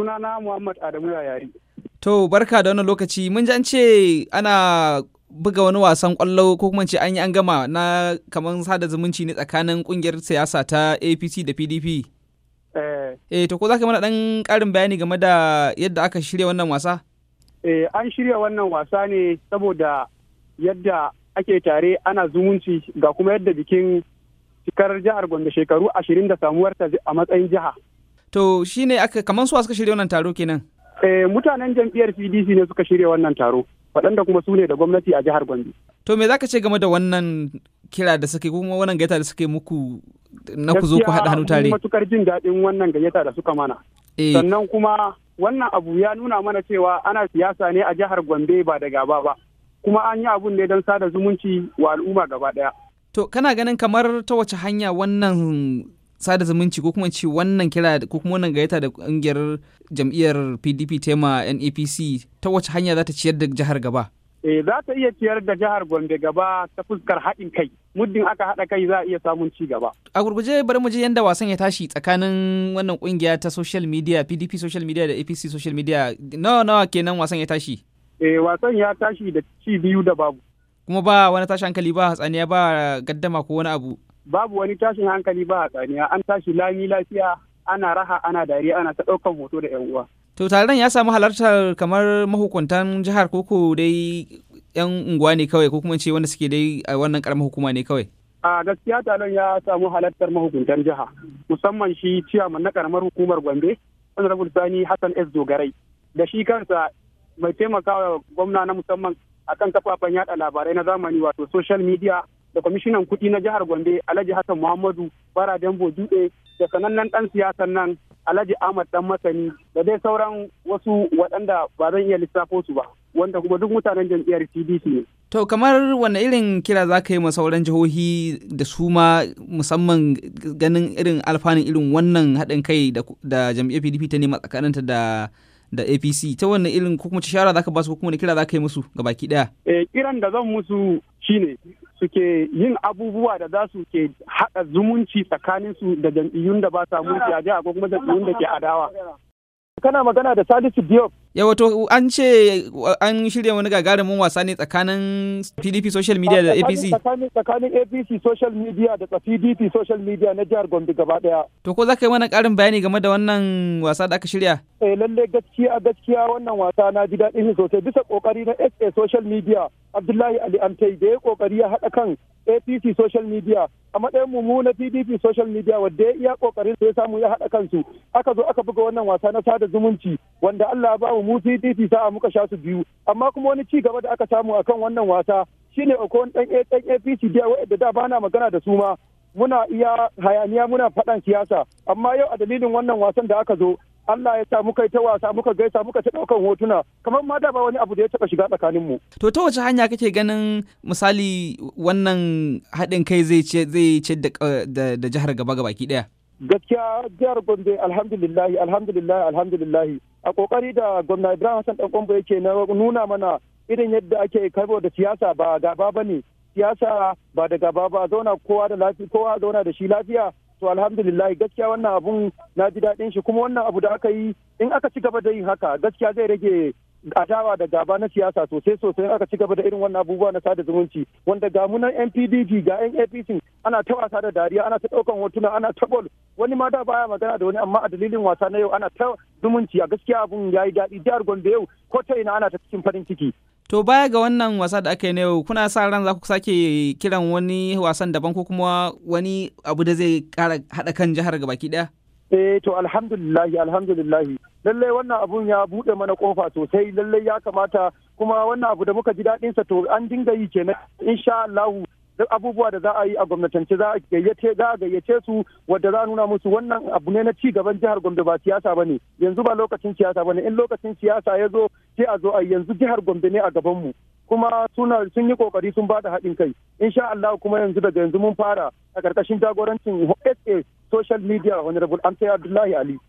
sunana Muhammad Adamu Yayari. To barka da wani lokaci mun ji an ce ana buga wani wasan kwallo ko kuma ce an yi an gama na kamar sada zumunci ne tsakanin kungiyar siyasa ta APC da PDP. Eh, eh to ko za ka mana dan karin bayani game da yadda aka shirya wannan wasa? Eh, an shirya wannan wasa ne saboda yadda ake tare ana zumunci ga kuma yadda bikin cikar jihar gwanda shekaru ashirin da samuwar samuwarta a matsayin jiha. to shine aka kaman su suka shirya wannan taro kenan eh mutanen jam'iyyar PDC ne suka shirya wannan taro waɗanda kuma su ne da gwamnati a jihar Gombe to me zaka ce game da wannan kira da suke kuma wannan gayyata da suke muku na ku zo ku haɗa hannu tare matukar jin daɗin wannan gayyata da suka mana eh. sannan kuma wannan abu ya nuna mana cewa ana siyasa ne a jihar Gombe ba da gaba ba kuma an yi abun ne don sada zumunci wa al'umma gaba ɗaya. To kana ganin kamar ta wace hanya wannan sada zumunci ko kuma ce wannan kira ko kuma wannan gayyata da ƙungiyar jam'iyyar PDP tema NAPC ta wace hanya za ta ciyar da jihar gaba? Eh za ta iya ciyar da jihar Gombe gaba ta fuskar haɗin kai. Muddin aka haɗa kai za a iya samun ci gaba. A gurguje bari mu je yanda wasan ya tashi tsakanin wannan kungiya ta social media PDP social media da APC social media nawa nawa kenan wasan ya tashi? Eh wasan ya tashi da ci biyu da babu. Kuma ba wani tashi hankali ba hatsaniya ba gaddama ko wani abu. babu wani tashin hankali ba a tsaniya an tashi lami lafiya ana raha ana dariya ana ta ɗaukan hoto da yan uwa. to taron ya samu halartar kamar mahukuntan jihar koko dai yan unguwa ne kawai ko kuma ce wanda suke dai a wannan karamar hukuma ne kawai. a gaskiya taron ya samu halartar mahukuntan jiha musamman shi ciyaman na karamar hukumar gombe honorable sani hassan s dogarai da shi kansa mai taimakawa gwamna na musamman akan kafafen yada labarai na zamani wato social media da kwamishinan kuɗi na jihar Gombe Alhaji Hassan Muhammadu Bara Dambo Dutse da sanannen ɗan siyasan nan Alhaji Ahmad Dan Masani da dai sauran wasu waɗanda ba zan iya lissafo su ba wanda kuma duk mutanen jam'iyyar PDP ne. To kamar wanne irin kira za ka yi ma sauran jihohi da su ma musamman ganin irin alfanun irin wannan haɗin kai da jam'iyyar PDP ta nema tsakaninta da da APC ta wannan irin ko kuma shara ka ba su ko kuma kira za ka yi musu ga baki ɗaya. eh kiran da zan musu shine suke yin abubuwa da za su ke haɗa zumunci tsakanin su da jam'iyyun da ba sa mulki a jiha ko kuma jam'iyyun da ke adawa. Kana magana da Salisu Diop yawa to an ce an shirya wani gagarumin wasa ne tsakanin pdp social media da apc tsakanin apc social media da pdp social media na jihar gombe gaba daya to ko za ka yi mana karin bayani game da wannan wasa da aka shirya eh lalle gaskiya gaskiya wannan wasa na ji daɗin shi sosai bisa kokari na sa social media abdullahi ali amtai da ya kokari ya haɗa kan apc social media a matsayin mu na pdp social media wadda ya iya kokarin sai ya samu ya haɗa kansu aka zo aka buga wannan wasa na sada zumunci wanda allah ba yau mu PDP sa'a muka sha su biyu amma kuma wani ci gaba da aka samu akan wannan wasa shine okon dan dan APC da wanda da bana magana da su ma muna iya hayaniya muna faɗan siyasa amma yau a dalilin wannan wasan da aka zo Allah ya sa muka yi ta wasa muka gaisa muka ta ɗaukan hotuna kamar ma da ba wani abu da ya taɓa shiga tsakanin mu. To ta wace hanya kake ganin misali wannan haɗin kai zai ce zai ce da jihar gaba gaba ki ɗaya? Gaskiya jihar Gombe alhamdulillahi alhamdulillahi alhamdulillahi a kokari da gwamna ibrahim hassan dan kwambo yake na nuna mana irin yadda ake karbo da siyasa ba gaba ba ne siyasa ba da gaba ba zauna kowa da lafiya kowa zauna da shi lafiya to alhamdulillah gaskiya wannan abun na ji daɗin shi kuma wannan abu da aka yi in aka ci gaba da yin haka gaskiya zai rage adawa da gaba na siyasa sosai sosai aka ci gaba da irin wannan abubuwa na sada zumunci wanda ga munan NPDP ga yan APC ana ta wasa da dariya ana ta daukan hotuna ana ta bol wani ma da baya magana da wani amma a dalilin wasa na yau ana ta zumunci a gaskiya abun yayi daɗi jihar Gombe yau ko ta ina ana ta cikin farin ciki To baya ga wannan wasa da aka yi na yau kuna sa ran za ku sake kiran wani wasan daban ko kuma wani abu da zai kara haɗa kan jihar gabaki daya. Eh to alhamdulillahi alhamdulillahi lallai wannan abun ya bude mana kofa sosai lallai ya kamata kuma wannan abu da muka ji daɗin sa to an dinga yi kenan insha Allah duk abubuwa da za a yi a gwamnatance za a gayyace za a gayyace su wadda za a nuna musu wannan abu ne na ci gaban jihar Gombe ba siyasa bane yanzu ba lokacin siyasa bane in lokacin siyasa ya zo sai a zo a yanzu jihar Gombe ne a gaban mu kuma suna sun yi kokari sun bada haɗin kai insha Allah kuma yanzu daga yanzu mun fara a ƙarƙashin jagorancin SA social media honorable an sai abdullahi ali